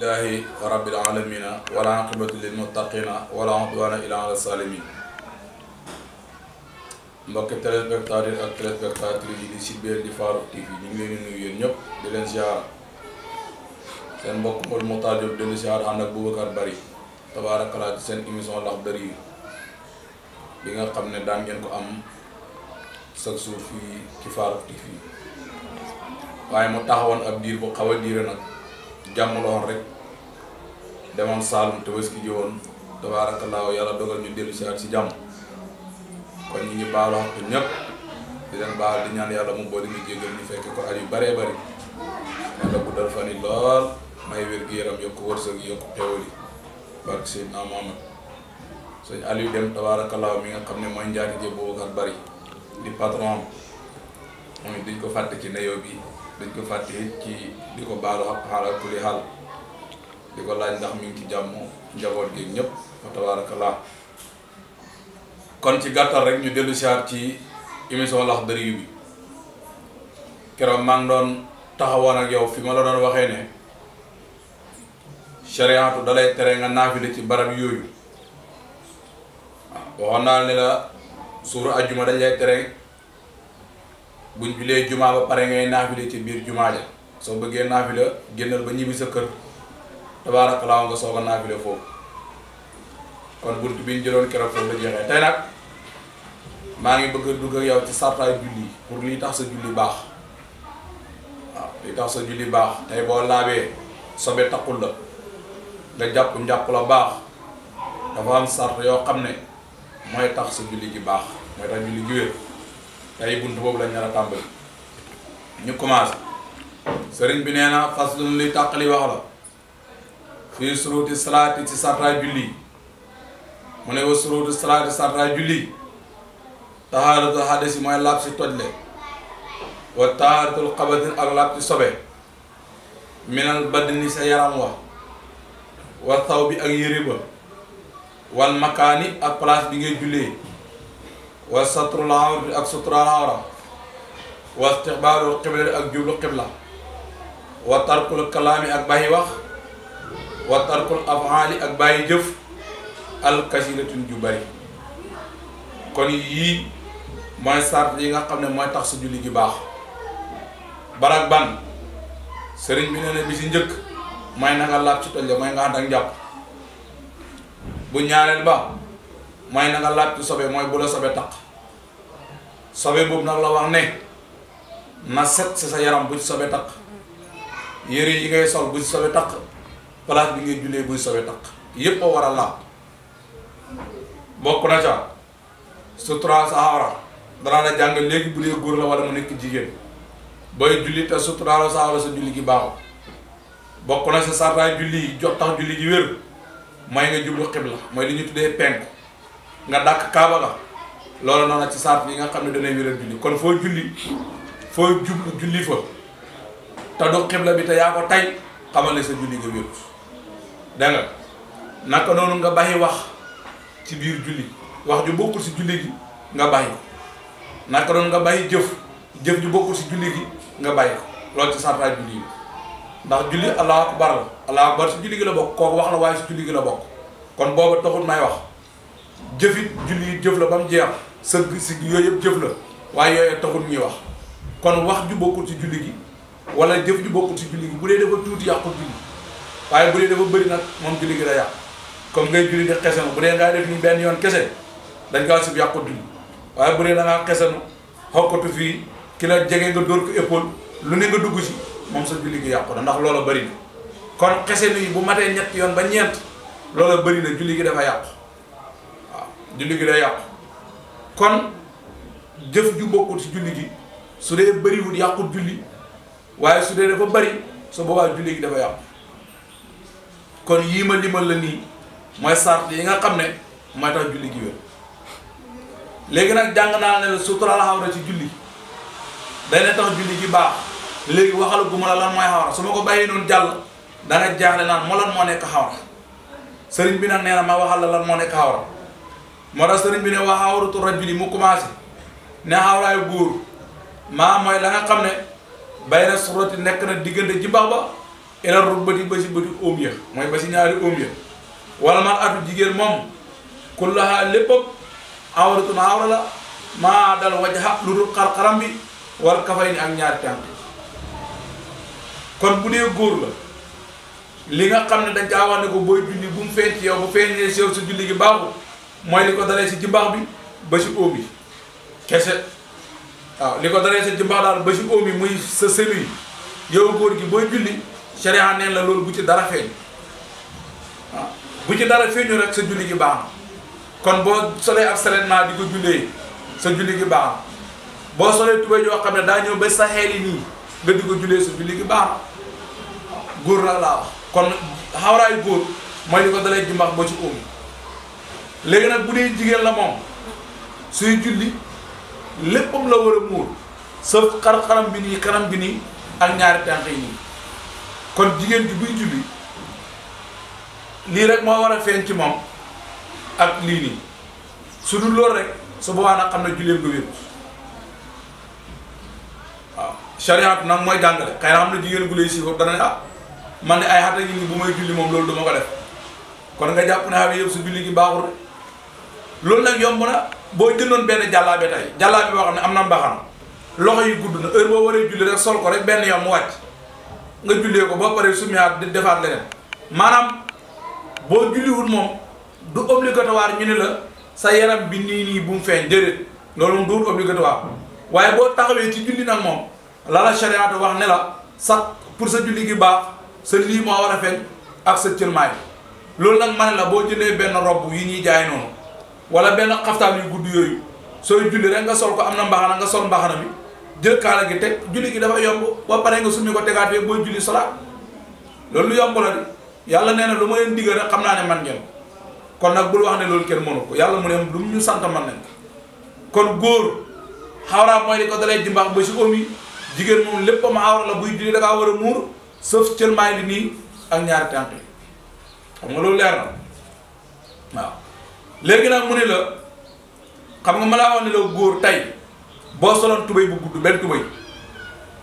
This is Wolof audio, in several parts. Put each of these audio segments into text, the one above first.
لله رب العالمين ولا عاقبة للمتقين ولا عدوان إلا على الظالمين mbokki téléspectateur ak téléspectatrices yi di site bi di Farokh TV ñu ngi leen di nuyu yéen ñëpp di leen ziar seen mbokk Modou Moctar Diop di leen ziar ànd ak Boubacar Bari tabaarakala ci seen émission Laxdar yi bi nga xam ne daan ngeen ko am chaque jour fii ci Farokh TV waaye mu taxawoon ab diir bu xaw a diire nag. jàmm la woon rek demoon Saalum Tabaski ji woon tabaarakallaahu yàlla dogal ñu dellu si ak si jàmm kon ñu ngi baalu xaq ñëpp di leen baal di ñaan yàlla mu boole ñu jéggal ñu fekk ko at yu bëree bëri yàlla guddal fan yi lool may wér gi yaram yokk wërsëg yi yokk xéwal yi barke Seydina Muhammad sëñ Aliou Deme tabaarakallaahu mi nga xam ne mooy njaatige Boubacar Bari di patron moom it duñ ko fàtte ci neyoo bi dañ ko fàtte ci di ko baalu kuli hal, di ko laaj ndax mi ngi ci jàmm njaboot gi ñëpp fa tabarakallah kon ci gàttal rek ñu dellu siaar ci émission Laxdariyu bi keroog maa ngi doon taxawoon ak yow fi ma la doon waxee ne shariatu dalay tere nga naafile ci barab yooyu waxoon naa ne la suuru dañ lay tere bu julee jumaa ba pare ngay naafile ci biir jumaa ja soo bëggee naafila génnal ba ñibbi sa kër tabaarakallaa nga soog a naafile kon bunt bi ñu jëloon keroog foofu ngi bëgg a dugg ak yow julli pour lii tax sa julli baax waaw lii tax baax tey boo laabee sobe takkul la nga jàpp njàpp la baax dafa am sart yoo xam ne mooy tax sa julli gi baax mooy tax julli gi tey bunt boobu lañ nar tàmbali ñu commencé sëriñ bi nee na fas lu luy tàqali wax la fii suruuti salaati ci sartaa julli mu ne wa suruuti salaati sartaa julli tahaaratul hadasi mooy laab si tojle wa tahaaratul xabatin ak laab ci sobe minal badni sa yaram wa wa taw bi ak yëre ba wal makaani ak place bi jullee wa satrul awra ak suturaal awra wa istiqbaalul qibla ak jublu qibla wa tarkul kalaami ak bàyyi wax wa tarkul ak bàyyi jëf alkasiratun ju bari kon yii mooy sart yi nga xam ne mooy tax sa julli gi baax barak ban sëriñ bi nee na bi si njëkk mooy na nga laab ci tol mooy nga ànd ak njàpp bu ñaareel ba mooy na nga laajtu sobe mooy bu la sobe taq sobe boobu nag la wax ne na set si sa yaram bu ci sobe taq yére yi ngay sol bu ci sobe taq place bi ngay jullee buy sobe taq yépp a war a laab bokk na ca sutura sa awra danaa la jàng léegi bu dee góor la wala mu nekk jigéen booy julli te suturaal sa awra sa julli gi baaxul bokk na sa sartaay julli yi jox tax julli gi wér mooy nga jublu xibla mooy li ñu tuddee penku nga dak kaaba ga lolo noonu ci saat bi nga xamne da lay wëral julli kon fo julli fo jup julli fa ta do qibla bi ta ya ko tay xamal ne sa julli nga wëru da nga naka nonu nga bàyyi wax ci bir julli wax ju bokku si julli gi nga bàyyi ko naka noonu nga Jeff jëf jëf ju bokku si julli gi nga bàyyi lo ci ci sartaay julli ndax julli allahu akbar akbar si julli gi la bok ko wax la way si julli gi la bok kon bobu taxul may wax jëfit julli jëf la bam jeex sëgg ci yoy yëpp jëf la way yoy taxul ñi wax kon wax ju bokkul ci julli gi wala jëf ju bokkul ci julli gi bu dé dafa tuti yaq ko julli waaye bu dé dafa bëri nak mom julli gi da yaq comme ngay julli de xéssam bu dé nga def ni ben yoon kessé dañ ci yaq ko julli waaye bu dé da nga xéssam hokkatu fi ki la jégué nga door ko épaule lu ne nga dugg ci mom sa julli gi yaq ko ndax loolu bari kon xéssé ni bu maté ñett yoon ba ñeent loolu bari na julli gi dafa yàqu julli gi day yàqu kon jëf ju bokkul ci julli gi su dee bëriwul yàqul julli waaye su dee dafa bëri su boobaa julli gi dafa yàqu kon yii ma limal la nii mooy sart yi nga xam ne mooy tax julli gi wér léegi nag jàng naa ne suturaal xawra ci julli dana tax julli gi baax léegi waxal gu ma la lan mooy xawra su ma ko bàyyi noonu jàll danga jaaxle naan moo lan moo nekk xawra sëriñ bi nag nee na ma waxal la lan moo nekk xawra moo tax bi ne wa awratu rajuli mu commencé ne awraayu góor maa mooy la nga xam ne bayna surati nekk na diggante jimbax ba ilal rukbati ba si bëti óom ya mooy ba ñaari óom ya wala man atu jigéen moom kullaha lépp awratun awra la maa dal wajaxa lu dul xar-xaram bi wal kafay ni ak ñaari tànk kon bu dee góor la li nga xam ne dañ caa wax ne ko booy julli bu mu yow bu feeñee si yow sa julli gi baaxul mooy li ko dalee si jimbax bi ba si óom yi kese waaw li ko dalee sa jimbax daal ba si óom muy sa selu yow góor gi booy julli sharia la loolu bu ci dara feeñ bu ci dara feeñu rek sa julli gi baax na kon boo solee ab saletment di ko jullee sa julli gi baax na boo solee tubéy yoo xam ne daa ñëw ba sa xeel nii nga di ko jullee sa julli gi baax na góor la laa wax kon xawraayu góor mooy li ko dalee jimbax ba ci óom légui nak boudé jigen la mom suy julli leppam la wara mur muur xar xaram bi ni karam bi ni ak ñaar tànk yi nii kon jigen ju buy julli li rek mo wara fën ci mom ak li ni su dul loolu rek su bo wana xamna julle ngi nga sharia waaw chariat nag mooy jàngale xëy na xam ne jigéen gu lay si foofu dana ne ah man ne ay xata yi nii bu may julli moom loolu duma ko def kon nga jàpp ne xam su julli gi baaxul loolu nag yomb na boo jëndoon benn jàllaabe tey jàllaabe boo xam ne am na mbaxana loxo yi gudd na heure boo waree julli rek sol ko rek benn yoon mu wàcc nga jullee ko boo paree sumiwaat di defaat leneen maanaam boo julliwul moom du obligatoire ñu ne la sa yaram bi nii nii bu mu feeñ déedéet loolu moom du obligatoire waaye boo taxawee ci julli nag moom la la chariat wax ne la sax pour sa julli gi baax sa lii moo war a feeñ ak sa cërmaay loolu nag ma ne la boo jëlee benn robb yi ñuy jaay wala benn xaftaan yu guddi yooyu sooy julli rek nga sol ko am na mbaxana nga sol mbaxana bi jël kaala gi teg julli gi dafa yomb ba pare nga summi ko tegaat fee booy julli solaat loolu lu yomb la di yàlla nee na lu ma leen digal rek xam naa ne man ngeen kon nag bul wax ne loolu kenn mënu ko yàlla mu ne lu ñu sant man nañ kon góor xawraa mooy di ko dalee jimbax ba si oom yi jigéen moom lépp am awra la buy julli da ngaa war a muur sëf cëlmaay li nii ak ñaari tànk yi xam nga loolu leer waaw léegi nag mu ne la xam nga ma laa wax ne góor tey boo soloon tubéy bu gudd benn tubéy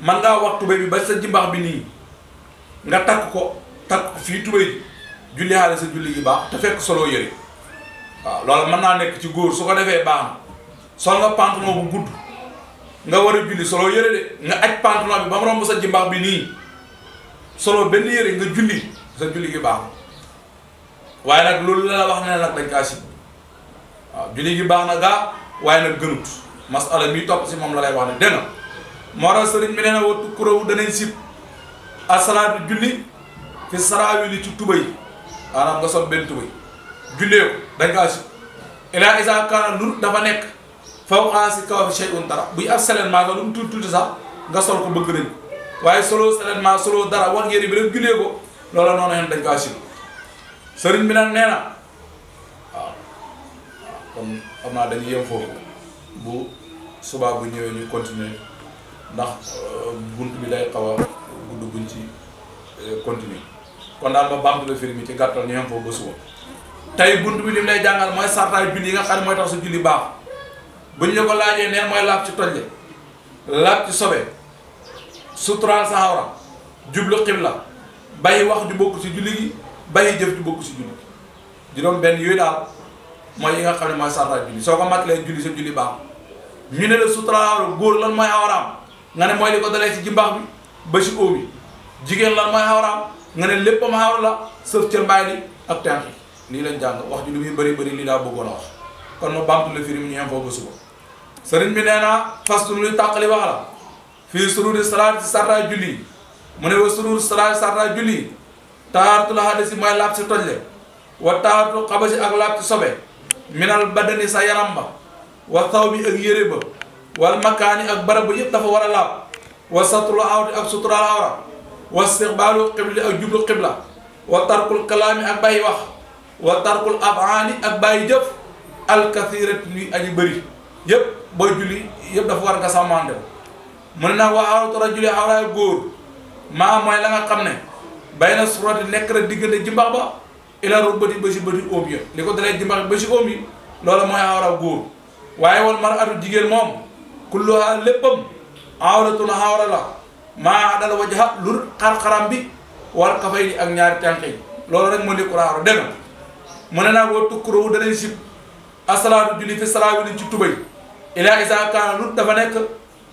man ngaa wax tubéy bi ba sa jimbax bi nii nga takk ko takk ko fii tubéy bi julli xaale sa julli yu baax te fekk solo yëre waaw loolu mën naa nekk ci góor su ko defee baax na sol nga bu nga war a julli solo yëre de nga aj bi ba mu romb sa jimbax bi nii solo benn yëre nga sa julli gi baax waaye nag loolu la laa wax ne nag dañ kaa waaw julli gi baax na gaa waaye nag gënut masala mi topp si moom la lay wax ne dégg nga moo tax sëriñ bi nee na wattu kuréew danañ sib asalaatu julli fi saraawi li ci tubay maanaam nga sol benn tubay jullee ko dañ kaa sib ila isa kaana lu dafa nekk fawqa si kaw fi shay'un dara buy ab selenment nga lu mu tuuti tuuti sax nga sol ko bëgg nañ waaye solo selenment solo dara war yére bi rek jullee ko loola noonu dañ kaa sib sëriñ bi nag nee na kon xam naa dañuy yem foofu bu subaa bu ñëwee ñu continuer ndax euh, bunt bi day xaw gudd buñ ci euh, continuer kon daal ba baax la film yi ci gàttal ñu yem foofu ba suba tey bunt bi lim lay jàngal mooy sartaay julli yi nga xam ne mooy tax sa julli baax buñ ne ko laajee neen mooy laab ci tojle laab ci sobe suturaal sa awra jublu xibla bàyyi wax ju bokk ci julli gi bàyyi jëf ju ci julli gi juróom benn yooyu daal mooy yi nga xam ne mooy sarta julli soo ko matalee julli sa julli baax ñu ne la suturaaru góor lan mooy awraam nga ne mooy li ko dalee ci jimbaax bi ba ci óo jigéen lan mooy awraam nga ne lépp am la sëf cër mbaay li ak tenq lii lañ jàng wax ji lu muy bëri bëri lii daa bëggoon a wax kon ma bamtu la firim ñu yem foofu ba suba sëriñ bi nee naa fastum luy tàqali wax la fii sururi salaat si sarta julli mu ne wa surur salaat sarta julli taartu la wa taartu xaba si ak minal badani sa yaram ba wa taw bi ak yére ba wal makaani ak barab ba yëpp dafa war a laab wa satrul awrati ak suturaal awra wa istiqbaalu jublu qibla wa tarkul kalaami ak bàyyi wax wa tarkul afaani ak bàyyi jëf alkathirat ñuy aji bëri yëpp booy julli yëpp dafa war nga sàmmante mu ne waa awratu rajuli awraay góor maa mooy la xam ne bay na surati nekk diggante jimbax ba ila rubbati ba si bëti óom ya li ko dalee jimbax ba si óom yi loola mooy awra góor waaye wal mar atu jigéen moom kulluha léppam awratun awra la maa dal wajha lur xar bi wal kafay ni ak ñaari tànk yi rek moo nekkul awra dégg nga mu ne naa woo tukkurowu asalaatu julli fi salaawi li ci tubay ilaa isa kaana lut dafa nekk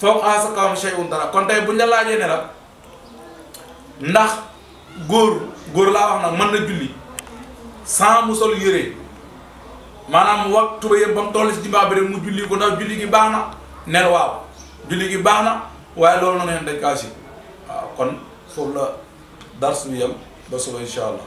foog asa kawam shay'un dara kon tey buñ la laajee ne la ndax góor góor laa wax nag mën na julli sans mu sol yére maanaam wax tuba yëpp ba mu toll si jibaa mu julli ko ndax julli gi baax na nen waaw julli gi baax na waaye loolu na ngeen dañ kaa waaw kon foofu la dars bi ba suba incha allah